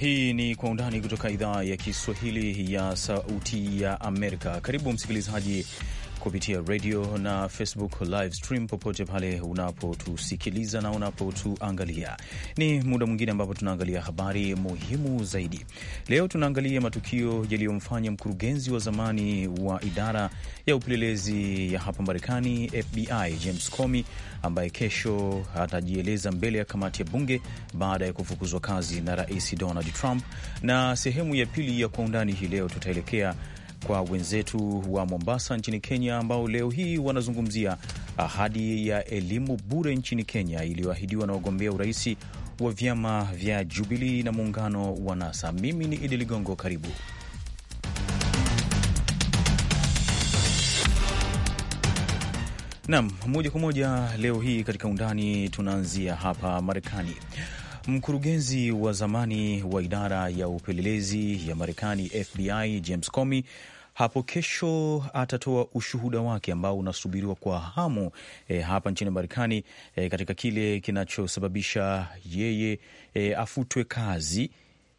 Hii ni Kwa Undani kutoka idhaa ya Kiswahili ya Sauti ya Amerika. Karibu msikilizaji kupitia radio na Facebook live stream popote pale unapotusikiliza na unapotuangalia. Ni muda mwingine ambapo tunaangalia habari muhimu zaidi. Leo tunaangalia matukio yaliyomfanya mkurugenzi wa zamani wa idara ya upelelezi ya hapa Marekani, FBI, James Comey, ambaye kesho atajieleza mbele ya kamati ya bunge baada ya kufukuzwa kazi na Rais Donald Trump. Na sehemu ya pili ya Kwa Undani hii leo tutaelekea kwa wenzetu wa Mombasa nchini Kenya, ambao leo hii wanazungumzia ahadi ya elimu bure nchini Kenya iliyoahidiwa na wagombea urais wa vyama vya Jubilii na muungano wa NASA. Mimi ni Idi Ligongo, karibu. Nam, moja kwa moja leo hii katika undani tunaanzia hapa Marekani. Mkurugenzi wa zamani wa idara ya upelelezi ya Marekani FBI James Comey hapo kesho atatoa ushuhuda wake ambao unasubiriwa kwa hamu e, hapa nchini Marekani e, katika kile kinachosababisha yeye e, afutwe kazi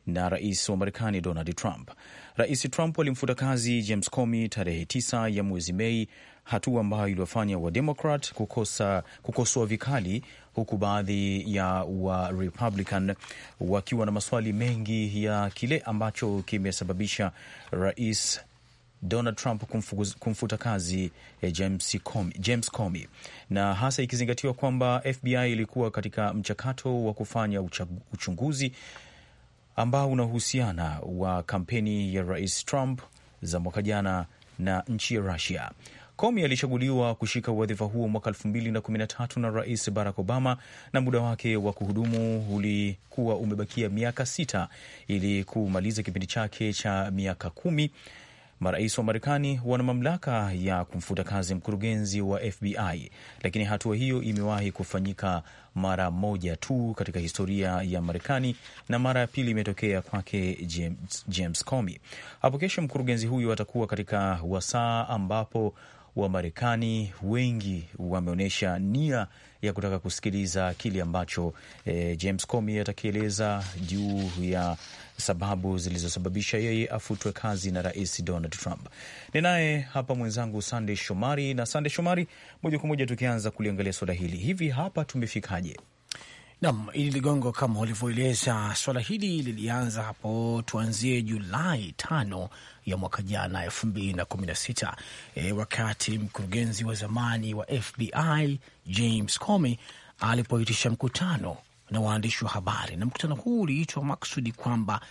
na rais wa Marekani Donald Trump. Rais Trump alimfuta kazi James Comey tarehe tisa ya mwezi Mei, hatua ambayo iliwafanya Wademokrat kukosa kukosoa vikali, huku baadhi ya Warepublican wakiwa na maswali mengi ya kile ambacho kimesababisha rais Donald Trump kumfuz, kumfuta kazi eh, James Comey, James Comey, na hasa ikizingatiwa kwamba FBI ilikuwa katika mchakato wa kufanya uchunguzi ambao unahusiana wa kampeni ya Rais Trump za mwaka jana na nchi ya Russia. Comey alichaguliwa kushika wadhifa huo mwaka 2013 na Rais Barack Obama, na muda wake wa kuhudumu ulikuwa umebakia miaka sita ili kumaliza kipindi chake cha miaka kumi Marais wa Marekani wana mamlaka ya kumfuta kazi mkurugenzi wa FBI, lakini hatua hiyo imewahi kufanyika mara moja tu katika historia ya Marekani, na mara ya pili imetokea kwake James, James Comey. Hapo kesho mkurugenzi huyu atakuwa katika wasaa ambapo Wamarekani wengi wameonyesha nia ya kutaka kusikiliza kile ambacho eh, James Comey atakieleza juu ya sababu zilizosababisha yeye afutwe kazi na Rais Donald Trump. Ni naye hapa mwenzangu Sandey Shomari. Na Sandey Shomari, moja kwa moja tukianza kuliangalia suala hili, hivi hapa tumefikaje? Nam ili Ligongo, kama ulivyoeleza, swala hili lilianza hapo, tuanzie Julai tano ya mwaka jana elfu mbili na kumi na sita e, wakati mkurugenzi wa zamani wa FBI James Comey alipoitisha mkutano na waandishi wa habari, na mkutano huu uliitwa maksudi kwamba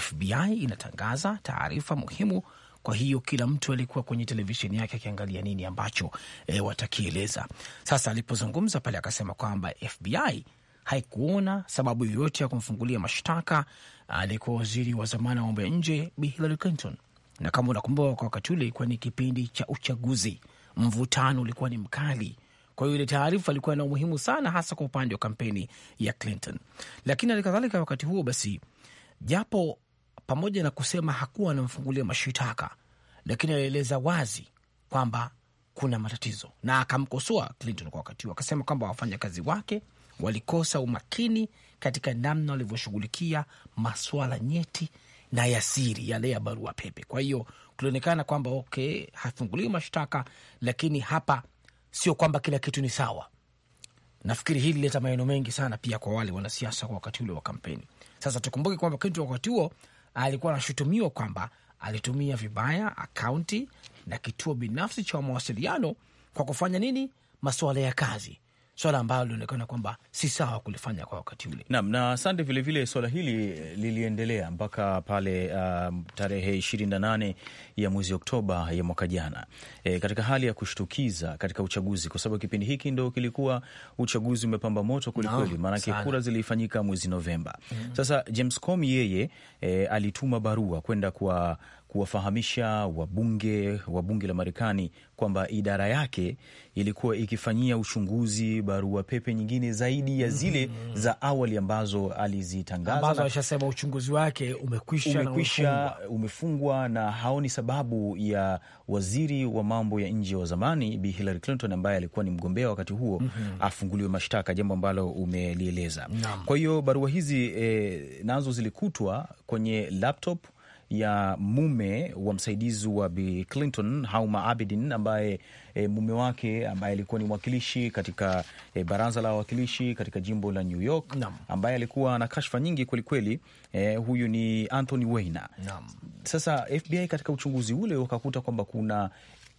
FBI inatangaza taarifa muhimu kwa hiyo kila mtu alikuwa kwenye televisheni yake akiangalia nini ambacho e, watakieleza. Sasa alipozungumza pale akasema kwamba FBI haikuona sababu yoyote ya kumfungulia mashtaka aliyekuwa waziri wa zamani wa mambo ya nje Bi Hillary Clinton. Na kama unakumbuka, kwa wakati ule ilikuwa ni kipindi cha uchaguzi, mvutano ulikuwa ni mkali. Kwa hiyo ile taarifa ilikuwa na umuhimu sana, hasa kwa upande wa kampeni ya Clinton. Lakini halikadhalika, wakati huo basi, japo pamoja na kusema hakuwa anamfungulia mashitaka, lakini alieleza wazi kwamba kuna matatizo na akamkosoa Clinton kwa wakati huo, akasema kwamba wafanyakazi wake walikosa umakini katika namna walivyoshughulikia maswala nyeti na yasiri yale ya barua pepe. Kwa hiyo kulionekana kwamba okay, hafunguliwi mashtaka, lakini hapa sio kwamba kila kitu ni sawa. Nafikiri hili lileta maneno mengi sana pia kwa wale wanasiasa kwa wakati ule wa kampeni. Sasa tukumbuke kwamba Clinton wakati huo alikuwa anashutumiwa kwamba alitumia vibaya akaunti na kituo binafsi cha mawasiliano kwa kufanya nini, masuala ya kazi swala ambalo linaonekana kwamba si sawa kulifanya kwa wakati ule. Naam, na asante. Vilevile swala hili liliendelea mpaka pale uh, tarehe ishirini na nane ya mwezi Oktoba ya mwaka jana e, katika hali ya kushtukiza katika uchaguzi, kwa sababu kipindi hiki ndo kilikuwa uchaguzi umepamba moto kwelikweli, maanake kura zilifanyika mwezi Novemba. mm -hmm. Sasa James Comey yeye e, alituma barua kwenda kwa kuwafahamisha wabunge wa bunge la Marekani kwamba idara yake ilikuwa ikifanyia uchunguzi barua pepe nyingine zaidi ya zile mm -hmm. za awali ambazo alizitangaza, ambazo alishasema uchunguzi wake umekwisha, umekwisha na umefungwa. Umefungwa na haoni sababu ya waziri wa mambo ya nje wa zamani Bi Hillary Clinton ambaye alikuwa ni mgombea wakati huo mm -hmm. afunguliwe mashtaka, jambo ambalo umelieleza. Kwa hiyo barua hizi eh, nazo zilikutwa kwenye laptop ya mume wa msaidizi wa Bi Clinton Hauma Abedin ambaye e, mume wake ambaye alikuwa ni mwakilishi katika e, baraza la wawakilishi katika jimbo la New York Nam. ambaye alikuwa na kashfa nyingi kwelikweli. E, huyu ni Anthony Weiner. Sasa FBI katika uchunguzi ule wakakuta kwamba kuna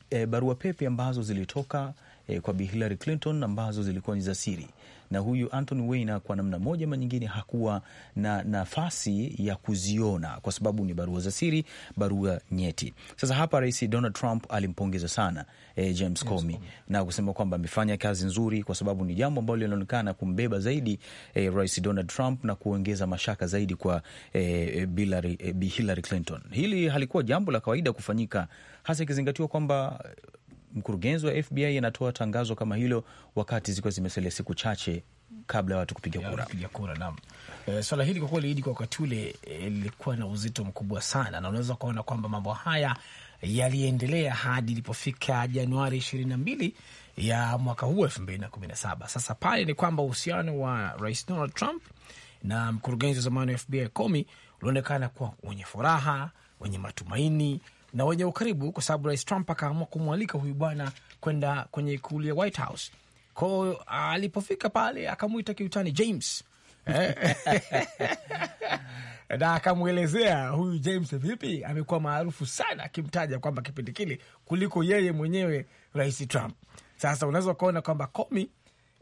e, barua pepe ambazo zilitoka e, kwa Bi Hillary Clinton ambazo zilikuwa ni za siri na huyu Anthony Weiner kwa namna moja ama nyingine hakuwa na nafasi ya kuziona kwa sababu ni barua za siri, barua nyeti. Sasa hapa Rais Donald Trump alimpongeza sana e, James Comey na kusema kwamba amefanya kazi nzuri, kwa sababu ni jambo ambalo linaonekana kumbeba zaidi e, Rais Donald Trump na kuongeza mashaka zaidi kwa e, Hillary Clinton. Hili halikuwa jambo la kawaida kufanyika, hasa ikizingatiwa kwamba mkurugenzi wa FBI anatoa tangazo kama hilo wakati zikiwa zimesalia siku chache kabla ya watu kupiga kura. Kupiga kura naam. E, swala hili kwa kweli hili kwa wakati ule eh, lilikuwa na uzito mkubwa sana, na unaweza kuona kwamba mambo haya yaliendelea hadi ilipofika Januari ishirini na mbili ya mwaka huu elfu mbili na kumi na saba. Sasa pale ni kwamba uhusiano wa Rais Donald Trump na mkurugenzi wa zamani wa FBI Comey ulionekana kuwa wenye furaha, wenye matumaini na wenye ukaribu, kwa sababu rais Trump akaamua kumwalika huyu bwana kwenda kwenye ikulu ya White House kwao. Ah, alipofika pale akamwita kiutani James eh? na akamwelezea huyu James vipi amekuwa maarufu sana, akimtaja kwamba kipindi kile kuliko yeye mwenyewe rais Trump. Sasa unaweza ukaona kwamba Komi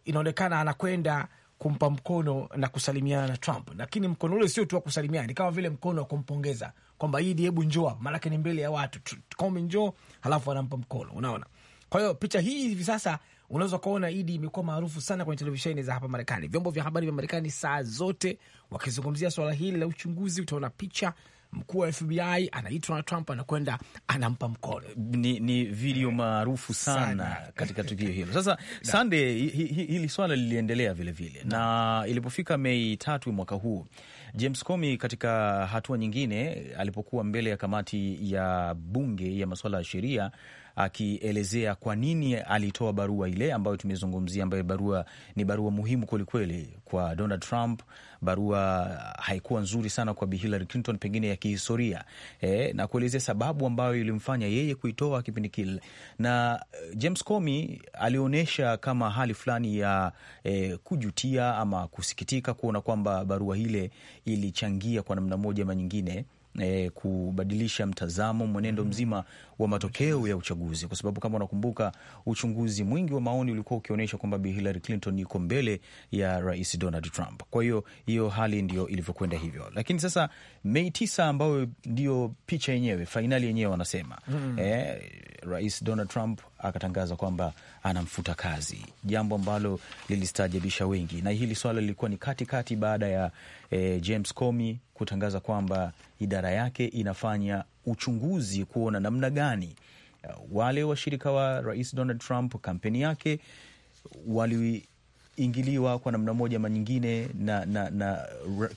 inaonekana anakwenda kumpa mkono na kusalimiana na Trump, lakini mkono ule sio tu wa kusalimiana, ni kama vile mkono wa kumpongeza kwamba hidi, hebu njoo, maanake ni mbele ya watu, Comey njoo, halafu anampa mkono. Unaona, kwa hiyo picha hii hivi sasa unaweza ukaona Idi imekuwa maarufu sana kwenye televisheni za hapa Marekani, vyombo vya habari vya Marekani saa zote wakizungumzia swala hili la uchunguzi. Utaona picha mkuu wa FBI anaitwa na Trump anakwenda anampa mkono. Ni, ni video maarufu sana, sana katika tukio hilo. Sasa Sande, hili swala liliendelea vilevile na ilipofika Mei tatu mwaka huu James Comey katika hatua nyingine alipokuwa mbele ya kamati ya bunge ya masuala ya sheria akielezea kwa nini alitoa barua ile ambayo tumezungumzia, ambayo barua ni barua muhimu kwelikweli kwa Donald Trump. Barua haikuwa nzuri sana kwa Bi Hillary Clinton, pengine ya kihistoria e, na kuelezea sababu ambayo ilimfanya yeye kuitoa kipindi kile, na eh, James Comey alionyesha kama hali fulani ya e, kujutia ama kusikitika kuona kwamba barua ile ilichangia kwa namna moja ama nyingine e, kubadilisha mtazamo, mwenendo mm-hmm. mzima wa matokeo ya uchaguzi, kwa sababu kama unakumbuka, uchunguzi mwingi wa maoni ulikuwa ukionyesha kwamba Bi Hillary Clinton yuko mbele ya Rais Donald Trump. Kwa hiyo hiyo hali ndio ilivyokwenda hivyo, lakini sasa Mei tisa, ambayo ndio picha yenyewe, fainali yenyewe wanasema mm -hmm. e, Rais Donald Trump akatangaza kwamba anamfuta kazi, jambo ambalo lilistaajabisha wengi, na hili swala lilikuwa ni katikati baada ya eh, James Comey kutangaza kwamba idara yake inafanya uchunguzi kuona namna gani eh, wale washirika wa rais Donald Trump, kampeni yake wali ingiliwa kwa namna moja ama nyingine na, na, na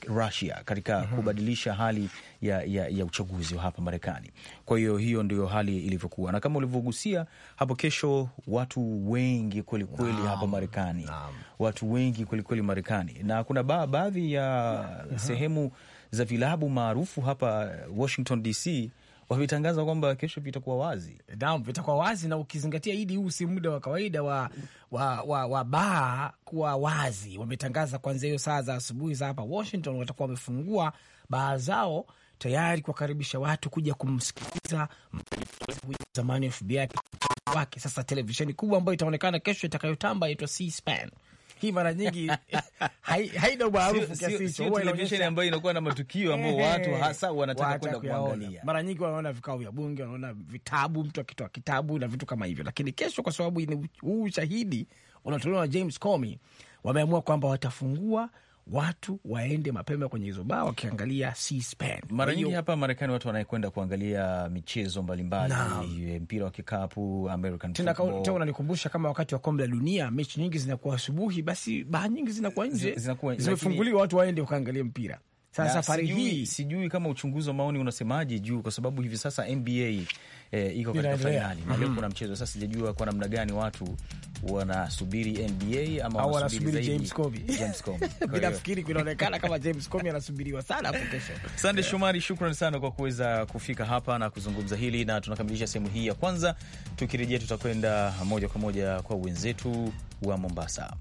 Russia katika uhum, kubadilisha hali ya, ya, ya uchaguzi wa hapa Marekani. Kwa hiyo hiyo ndio hali ilivyokuwa, na kama ulivyogusia hapo, kesho watu wengi kwelikweli hapa Marekani watu wengi kwelikweli Marekani, na kuna baadhi ya uhum, sehemu za vilabu maarufu hapa Washington DC wametangaza kwamba kesho vitakuwa wazi, naam, vitakuwa wazi, na ukizingatia Idi, huu si muda wa kawaida wa, wa, wa, wa baa kuwa wazi. Wametangaza kwanzia hiyo saa za asubuhi za hapa Washington, watakuwa wamefungua baa zao tayari kuwakaribisha watu kuja kumsikiliza zamani FBI wake. Sasa televisheni kubwa ambayo itaonekana kesho itakayotamba inaitwa C-SPAN hii mara nyingi haina umaarufu kiasi hicho. Televisheni ambayo inakuwa na matukio ambayo watu hasa wanataka kwenda kuangalia, mara nyingi wanaona vikao vya bunge, wanaona vitabu, mtu akitoa kitabu na vitu kama hivyo. Lakini kesho, kwa sababu huu ushahidi unatolewa na James Comey, wameamua kwamba watafungua watu waende mapema kwenye hizo baa wakiangalia C-SPAN. Mara nyingi hapa Marekani watu wanaekwenda kuangalia michezo mbalimbali, mpira wa kikapu, American football. Tena unanikumbusha kama wakati wa kombe la dunia, mechi nyingi zinakuwa asubuhi, basi baa nyingi zinakuwa nje, zimefunguliwa, watu waende wakaangalia mpira. Sasa safari hii sijui kama uchunguzi wa maoni unasemaje juu, kwa sababu hivi sasa NBA eh, iko katika fainali na leo mm-hmm. kuna mchezo. Sasa sijajua kwa namna gani watu wanasubiri NBA ama wanasubiri James Comey. James Comey kunaonekana kama James Comey anasubiriwa sana hapo kesho. Sande Shomari, shukran sana kwa kuweza kufika hapa na kuzungumza hili, na tunakamilisha sehemu hii ya kwanza. Tukirejea tutakwenda moja kwa moja kwa wenzetu wa Mombasa.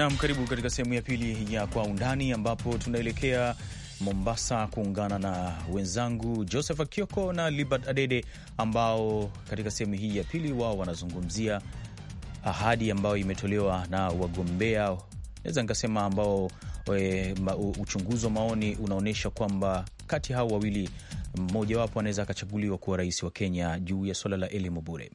Naam, karibu katika sehemu ya pili ya Kwa Undani, ambapo tunaelekea Mombasa kuungana na wenzangu Joseph Akioko na Libert Adede, ambao katika sehemu hii ya pili wao wanazungumzia ahadi ambayo imetolewa na wagombea, naweza nikasema ambao we, ma, uchunguzi wa maoni unaonyesha kwamba kati hao wawili mmojawapo anaweza akachaguliwa kuwa rais wa Kenya juu ya swala la elimu bure.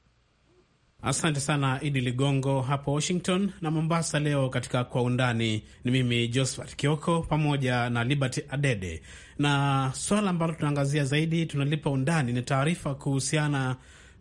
Asante sana Idi Ligongo hapo Washington na Mombasa. Leo katika Kwa Undani ni mimi Josephat Kioko pamoja na Liberty Adede, na swala ambalo tunaangazia zaidi, tunalipa undani, ni taarifa kuhusiana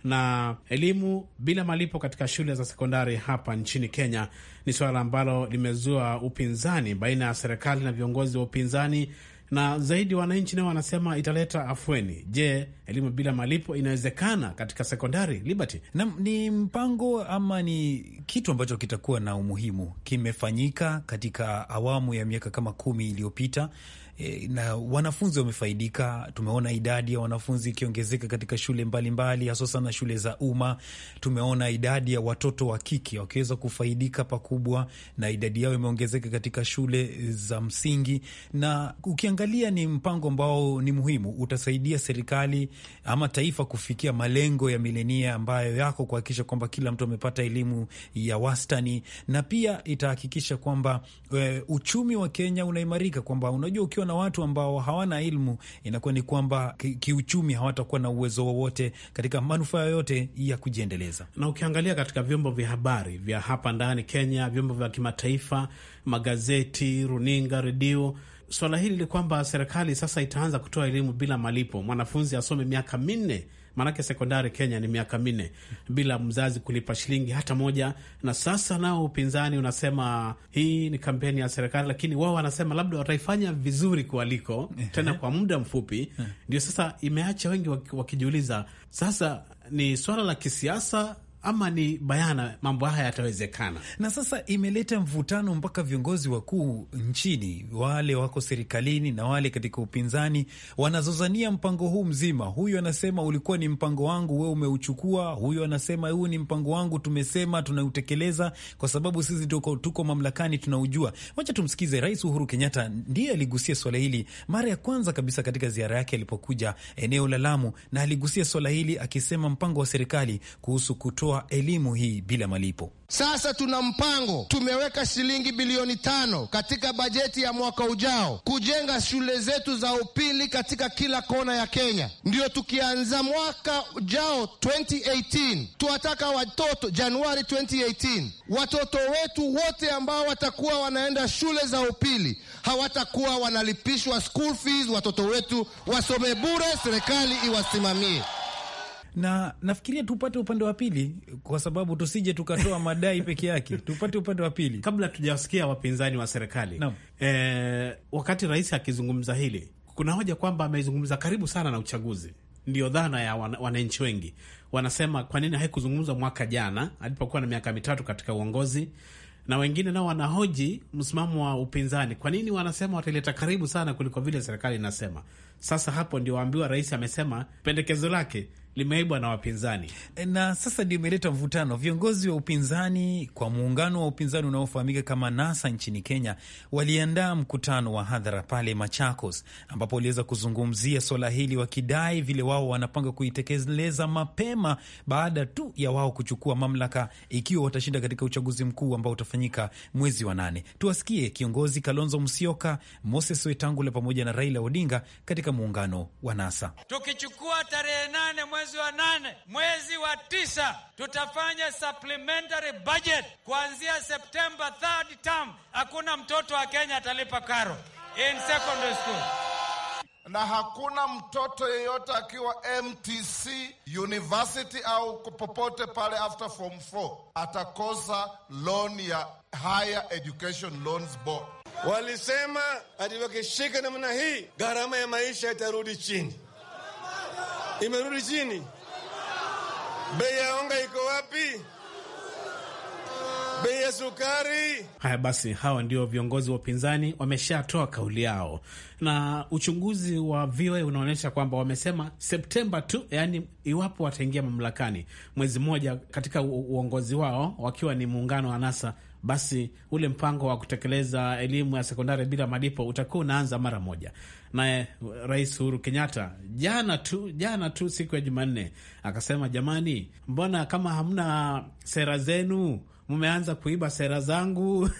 na elimu bila malipo katika shule za sekondari hapa nchini Kenya. Ni swala ambalo limezua upinzani baina ya serikali na viongozi wa upinzani na zaidi wananchi nao wanasema italeta afueni. Je, elimu bila malipo inawezekana katika sekondari Liberty? Na ni mpango ama ni kitu ambacho kitakuwa na umuhimu, kimefanyika katika awamu ya miaka kama kumi iliyopita e, na wanafunzi wamefaidika. Tumeona idadi ya wanafunzi ikiongezeka katika shule mbalimbali, hasa sana shule za umma. Tumeona idadi ya watoto wa kike wakiweza kufaidika pakubwa, na idadi yao imeongezeka katika shule za msingi, na ukiangalia ni mpango ambao ni muhimu, utasaidia serikali ama taifa kufikia malengo ya milenia ambayo yako kuhakikisha kwamba kila mtu amepata elimu ya wastani, na pia itahakikisha kwamba e, uchumi wa Kenya unaimarika, kwamba unajua ukiwa ikichukuliwa na watu ambao hawana elimu, inakuwa ni kwamba kiuchumi hawatakuwa na uwezo wowote katika manufaa yoyote ya kujiendeleza. Na ukiangalia katika vyombo vya habari vya hapa ndani Kenya, vyombo vya kimataifa, magazeti, runinga, redio Swala hili ni kwamba serikali sasa itaanza kutoa elimu bila malipo. Mwanafunzi asome miaka minne maanake sekondari Kenya ni miaka minne bila mzazi kulipa shilingi hata moja. Na sasa nao upinzani unasema hii ni kampeni ya serikali, lakini wao wanasema labda wataifanya vizuri kualiko tena kwa muda mfupi. Ndio sasa imeacha wengi wakijiuliza sasa ni swala la kisiasa ama ni bayana mambo haya yatawezekana. Na sasa imeleta mvutano mpaka viongozi wakuu nchini, wale wako serikalini na wale katika upinzani, wanazozania mpango huu mzima. Huyu anasema ulikuwa ni mpango wangu, wewe umeuchukua. Huyu anasema huu ni mpango wangu, tumesema tunautekeleza kwa sababu sisi tuko, tuko mamlakani, tunaujua. Wacha tumsikize Rais Uhuru Kenyatta, ndiye aligusia swala hili mara ya kwanza kabisa katika ziara yake alipokuja eneo la Lamu, na aligusia swala hili akisema mpango wa serikali kuhusu kutoa kutoa elimu hii bila malipo. Sasa tuna mpango, tumeweka shilingi bilioni tano katika bajeti ya mwaka ujao kujenga shule zetu za upili katika kila kona ya Kenya. Ndio tukianza mwaka ujao 2018, tuwataka watoto Januari 2018, watoto wetu wote ambao watakuwa wanaenda shule za upili hawatakuwa wanalipishwa school fees. Watoto wetu wasome bure, serikali iwasimamie na nafikiria tupate upande wa pili, kwa sababu tusije tukatoa madai peke yake, tupate upande wa pili kabla tujawasikia wapinzani wa serikali no. E, eh, wakati rais akizungumza hili, kuna hoja kwamba amezungumza karibu sana na uchaguzi ndio dhana ya wananchi wengi wanasema, kwa nini haikuzungumzwa mwaka jana alipokuwa na miaka mitatu katika uongozi? Na wengine nao wanahoji msimamo wa upinzani, kwa nini wanasema wataileta karibu sana kuliko vile serikali inasema. Sasa hapo ndio waambiwa, rais amesema pendekezo lake limeibwa na wapinzani, na sasa ndio imeleta mvutano. Viongozi wa upinzani kwa muungano wa upinzani unaofahamika kama NASA nchini Kenya waliandaa mkutano wa hadhara pale Machakos, ambapo waliweza kuzungumzia swala hili, wakidai vile wao wanapanga kuitekeleza mapema baada tu ya wao kuchukua mamlaka, ikiwa watashinda katika uchaguzi mkuu ambao utafanyika mwezi wa nane. Tuwasikie kiongozi Kalonzo Musyoka, Moses Wetangula pamoja na Raila Odinga katika muungano wa NASA. Tukichukua tarehe nane mwezi mwezi wa nane, mwezi wa tisa tutafanya supplementary budget kuanzia September third term. Hakuna mtoto wa Kenya atalipa karo in secondary school, na hakuna mtoto yeyote akiwa MTC university au popote pale after form 4 atakosa loan ya Higher Education Loans Board. Walisema ati wakishika namna hii gharama ya maisha itarudi chini imerudi chini. Bei ya unga iko wapi? Bei ya sukari? Haya basi, hawa ndio viongozi wa upinzani wameshatoa kauli yao, na uchunguzi wa VOA unaonyesha kwamba wamesema Septemba tu, yaani iwapo wataingia mamlakani, mwezi mmoja katika uongozi wao wakiwa ni muungano wa NASA, basi ule mpango wa kutekeleza elimu ya sekondari bila malipo utakuwa unaanza mara moja naye Rais Uhuru Kenyatta jana tu jana tu siku ya Jumanne akasema, jamani, mbona kama hamna sera zenu, mmeanza kuiba sera zangu?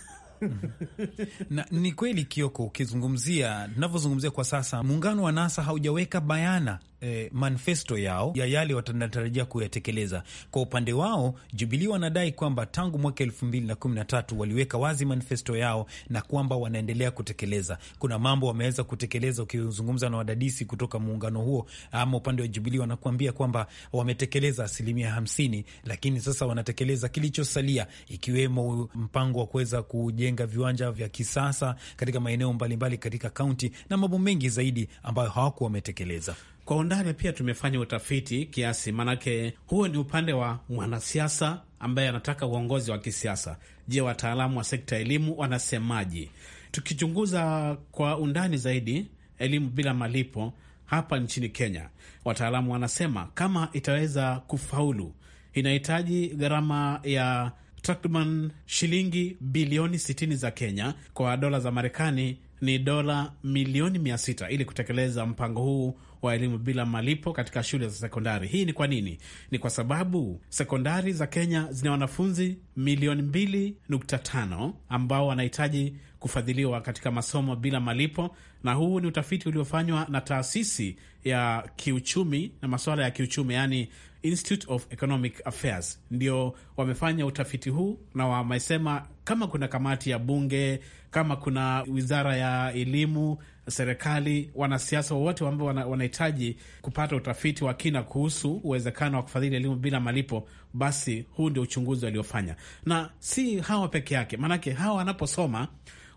Na ni kweli Kioko, ukizungumzia tunavyozungumzia kwa sasa, muungano wa NASA haujaweka bayana eh, manifesto yao ya yale wanatarajia kuyatekeleza. Kwa upande wao, jubilii wanadai kwamba tangu mwaka elfu mbili na kumi na tatu waliweka wazi manifesto yao na kwamba wanaendelea kutekeleza. Kuna mambo wameweza kutekeleza. Ukizungumza na wadadisi kutoka muungano huo ama upande wa Jubilii, wanakuambia kwamba wametekeleza asilimia hamsini, lakini sasa wanatekeleza kilichosalia, ikiwemo mpango wa kuweza kujenga viwanja vya kisasa katika maeneo mbalimbali katika kaunti na mambo mengi zaidi ambayo hawakuwa wametekeleza. Kwa undani pia tumefanya utafiti kiasi, maanake huo ni upande wa mwanasiasa ambaye anataka uongozi wa kisiasa. Je, wataalamu wa sekta ya elimu wanasemaji Tukichunguza kwa undani zaidi elimu bila malipo hapa nchini Kenya, wataalamu wanasema kama itaweza kufaulu inahitaji gharama ya takriban shilingi bilioni 60 za Kenya, kwa dola za Marekani ni dola milioni 600 ili kutekeleza mpango huu wa elimu bila malipo katika shule za sekondari. Hii ni kwa nini? Ni kwa sababu sekondari za Kenya zina wanafunzi milioni 2.5 ambao wanahitaji kufadhiliwa katika masomo bila malipo, na huu ni utafiti uliofanywa na taasisi ya kiuchumi na masuala ya kiuchumi, yani Institute of Economic Affairs, ndio wamefanya utafiti huu na wamesema kama kuna kamati ya bunge, kama kuna wizara ya elimu, serikali, wanasiasa wowote ambao wanahitaji kupata utafiti wa kina kuhusu uwezekano wa kufadhili elimu bila malipo basi huu ndio uchunguzi waliofanya, na si hawa peke yake. Maanake hawa wanaposoma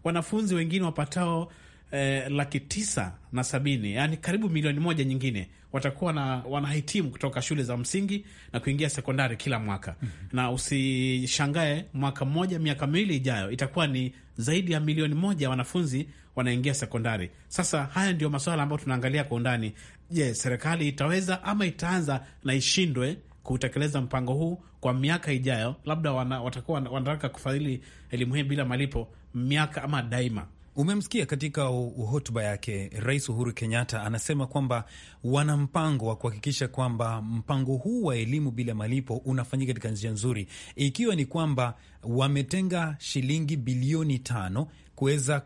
wanafunzi wengine wapatao eh, laki tisa na sabini, yani karibu milioni moja nyingine watakuwa na wanahitimu kutoka shule za msingi na kuingia sekondari kila mwaka mm -hmm. Na usishangae mwaka mmoja, miaka miwili ijayo itakuwa ni zaidi ya milioni moja wanafunzi wanaingia sekondari. Sasa haya ndio maswala ambayo tunaangalia kwa undani. Je, yes, serikali itaweza ama itaanza na ishindwe kutekeleza mpango huu kwa miaka ijayo, labda wana, watakuwa wanataka kufadhili elimu hii bila malipo miaka ama daima. Umemsikia katika hotuba yake Rais Uhuru Kenyatta anasema kwamba wana mpango wa kuhakikisha kwamba mpango huu wa elimu bila malipo unafanyika katika njia nzuri, ikiwa ni kwamba wametenga shilingi bilioni tano kuweza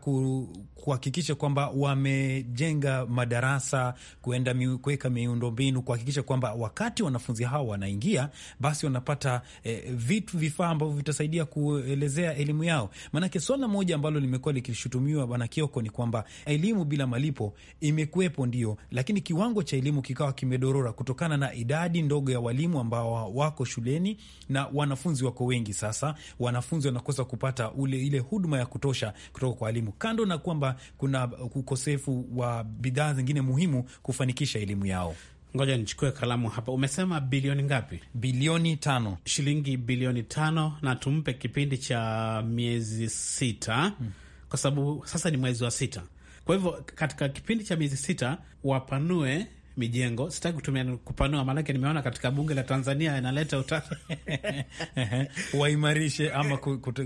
kuhakikisha kwamba wamejenga madarasa, kuenda kuweka miundombinu, kuhakikisha kwamba wakati wanafunzi hao wanaingia, basi wanapata eh, vitu vifaa ambavyo vitasaidia kuelezea elimu yao. Maanake swala moja ambalo limekuwa likishutumiwa Bwana Kioko ni kwamba elimu bila malipo imekuwepo, ndio, lakini kiwango cha elimu kikawa kimedorora kutokana na idadi ndogo ya walimu ambao wako shuleni na wanafunzi wako wengi. Sasa wanafunzi wanakosa kupata ule ile huduma ya kutosha kutoka kwa walimu, kando na kwamba kuna ukosefu wa bidhaa zingine muhimu kufanikisha elimu yao. Ngoja nichukue kalamu hapa. Umesema bilioni ngapi? Bilioni tano, shilingi bilioni tano, na tumpe kipindi cha miezi sita hmm, kwa sababu sasa ni mwezi wa sita. Kwa hivyo katika kipindi cha miezi sita wapanue mijengo. Sitaki kutumia kupanua, maanake nimeona katika bunge la Tanzania inaleta uta waimarishe ama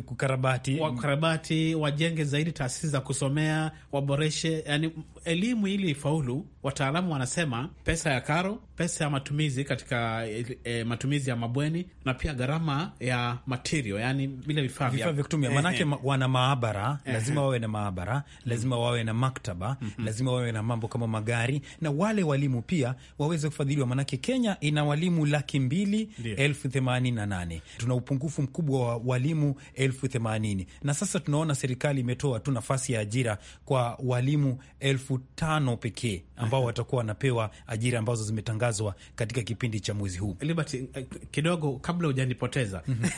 kukarabati, wakarabati, wajenge zaidi taasisi za kusomea, waboreshe, yani elimu ili ifaulu, wataalamu wanasema pesa ya karo, pesa ya matumizi katika e, e, matumizi ya mabweni na pia gharama ya material, yani vile vifaa vya kutumia. Eh, maanake eh. wana maabara, eh. lazima wawe na maabara, lazima wawe na maktaba, mhm. lazima wawe na mambo kama magari, na wale walimu pia waweze kufadhiliwa, maanake Kenya ina walimu laki mbili elfu themanini na nane. Tuna upungufu mkubwa wa walimu elfu themanini na sasa tunaona serikali imetoa tu nafasi ya ajira kwa walimu elfu elfu tano pekee ambao watakuwa wanapewa ajira ambazo zimetangazwa katika kipindi cha mwezi huu. Liberty, eh, kidogo kabla hujanipoteza mm -hmm.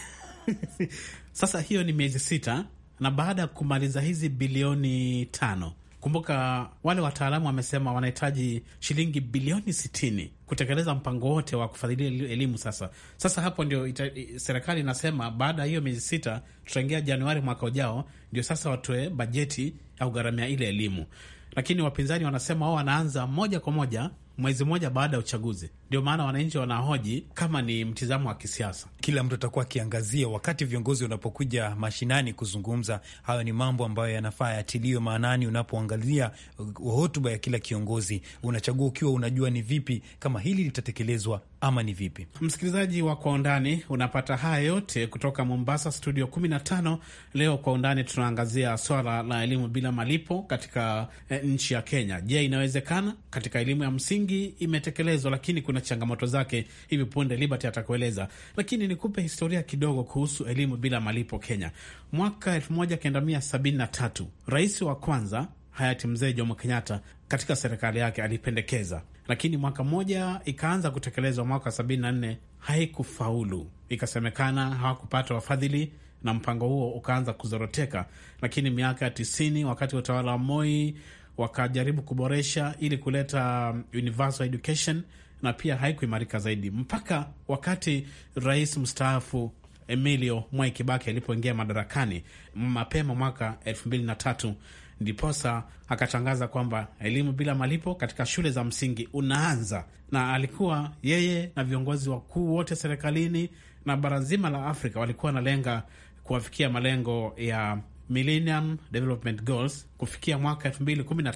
Sasa hiyo ni miezi sita na baada ya kumaliza hizi bilioni tano Kumbuka wale wataalamu wamesema wanahitaji shilingi bilioni sitini kutekeleza mpango wote wa kufadhilia elimu. Sasa sasa hapo ndio ita, serikali inasema baada ya hiyo miezi sita, tutaingia Januari mwaka ujao, ndio sasa watoe bajeti au gharamia ile elimu lakini wapinzani wanasema wao wanaanza moja kwa moja mwezi mmoja baada ya uchaguzi. Ndio maana wananchi wanahoji kama ni mtizamo wa kisiasa. Kila mtu atakuwa akiangazia wakati viongozi wanapokuja mashinani kuzungumza. Hayo ni mambo ambayo yanafaa yatiliwe maanani. Unapoangalia uh, hotuba ya kila kiongozi, unachagua ukiwa unajua ni vipi kama hili litatekelezwa ama ni vipi. Msikilizaji wa Kwa Undani, unapata haya yote kutoka Mombasa, studio 15. Leo Kwa Undani tunaangazia swala la elimu bila malipo katika eh, nchi ya Kenya. Je, inawezekana? Katika elimu ya msingi imetekelezwa, lakini kuna na changamoto zake, hivi punde Liberty atakueleza, lakini nikupe historia kidogo kuhusu elimu bila malipo Kenya. Mwaka 1973 rais wa kwanza hayati mzee Jomo Kenyatta katika serikali yake alipendekeza, lakini mwaka mmoja ikaanza kutekelezwa mwaka 74, haikufaulu. Ikasemekana hawakupata wafadhili na mpango huo ukaanza kuzoroteka. Lakini miaka ya tisini, wakati wa utawala wa Moi, wakajaribu kuboresha ili kuleta um, universal education na pia haikuimarika zaidi mpaka wakati rais mstaafu Emilio Mwai Kibaki alipoingia madarakani mapema mwaka elfu mbili na tatu ndiposa akatangaza kwamba elimu bila malipo katika shule za msingi unaanza, na alikuwa yeye na viongozi wakuu wote serikalini na bara zima la Afrika walikuwa wanalenga kuwafikia malengo ya Millennium Development Goals kufikia mwaka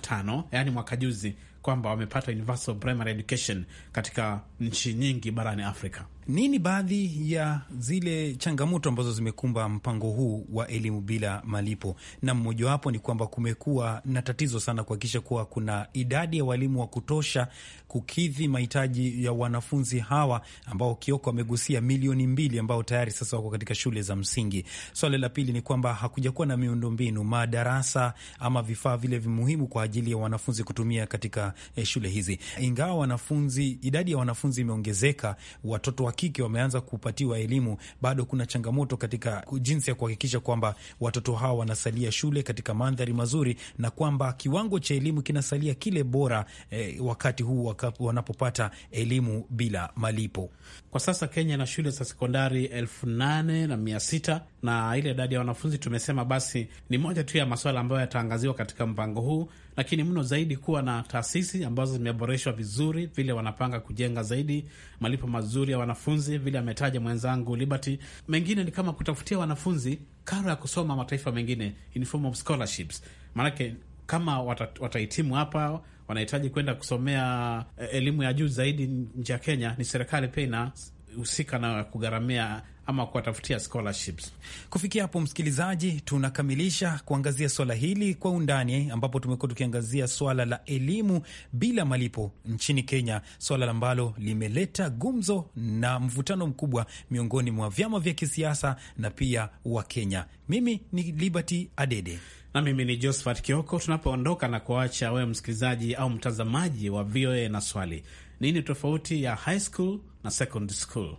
tano yaani mwaka juzi kwamba wamepata universal primary education katika nchi nyingi barani Afrika. Nini baadhi ya zile changamoto ambazo zimekumba mpango huu wa elimu bila malipo? Na mmojawapo ni kwamba kumekuwa na tatizo sana kuhakikisha kuwa kuna idadi ya walimu wa kutosha kukidhi mahitaji ya wanafunzi hawa ambao Kioko amegusia milioni mbili ambao tayari sasa wako katika shule za msingi. Swala la pili ni kwamba hakujakuwa na miundombinu, madarasa ama vifaa vile vimuhimu kwa ajili ya wanafunzi kutumia katika eh, shule hizi. Ingawa wanafunzi, idadi ya wanafunzi imeongezeka, watoto wa kike wameanza kupatiwa elimu, bado kuna changamoto katika jinsi ya kuhakikisha kwamba watoto hawa wanasalia shule katika mandhari mazuri na kwamba kiwango cha elimu kinasalia kile bora eh, wakati huu wanapopata elimu bila malipo. Kwa sasa Kenya na shule za sekondari elfu nane na mia sita na ile idadi ya wanafunzi tumesema, basi ni moja tu ya masuala ambayo yataangaziwa katika mpango huu lakini mno zaidi kuwa na taasisi ambazo zimeboreshwa vizuri, vile wanapanga kujenga zaidi, malipo mazuri ya wanafunzi, vile ametaja mwenzangu Liberty. Mengine ni kama kutafutia wanafunzi karo ya kusoma mataifa mengine in form of scholarships, maanake kama watahitimu hapa wanahitaji kwenda kusomea eh, elimu ya juu zaidi nje ya Kenya, ni serikali pia inahusika na kugharamia ama kuwatafutia scholarships. Kufikia hapo, msikilizaji, tunakamilisha kuangazia swala hili kwa undani, ambapo tumekuwa tukiangazia swala la elimu bila malipo nchini Kenya, swala ambalo limeleta gumzo na mvutano mkubwa miongoni mwa vyama vya kisiasa na pia wa Kenya. Mimi ni Liberty Adede na mimi ni Josephat Kioko. Tunapoondoka na kuacha wewe msikilizaji au mtazamaji wa VOA na swali, nini tofauti ya high school na secondary school?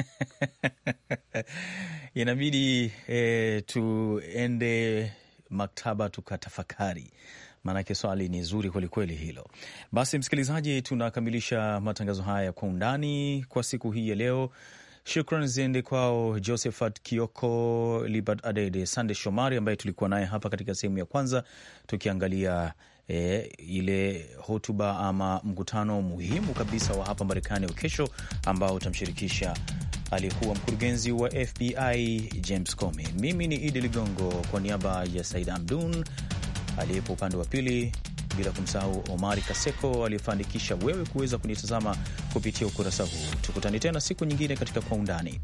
inabidi e, tuende maktaba tukatafakari, maanake swali ni zuri kwelikweli hilo. Basi msikilizaji, tunakamilisha matangazo haya kwa undani kwa siku hii ya leo. Shukran ziende kwao Josephat Kioko, Libert Adede, Sande Shomari ambaye tulikuwa naye hapa katika sehemu ya kwanza tukiangalia e, ile hotuba ama mkutano muhimu kabisa wa hapa Marekani wa kesho ambao utamshirikisha aliyekuwa mkurugenzi wa FBI James Comey. Mimi ni Idi Ligongo kwa niaba ya Said amdun aliyepo upande wa pili, bila kumsahau Omari Kaseko aliyefanikisha wewe kuweza kunitazama kupitia ukurasa huu. Tukutane tena siku nyingine katika Kwa Undani.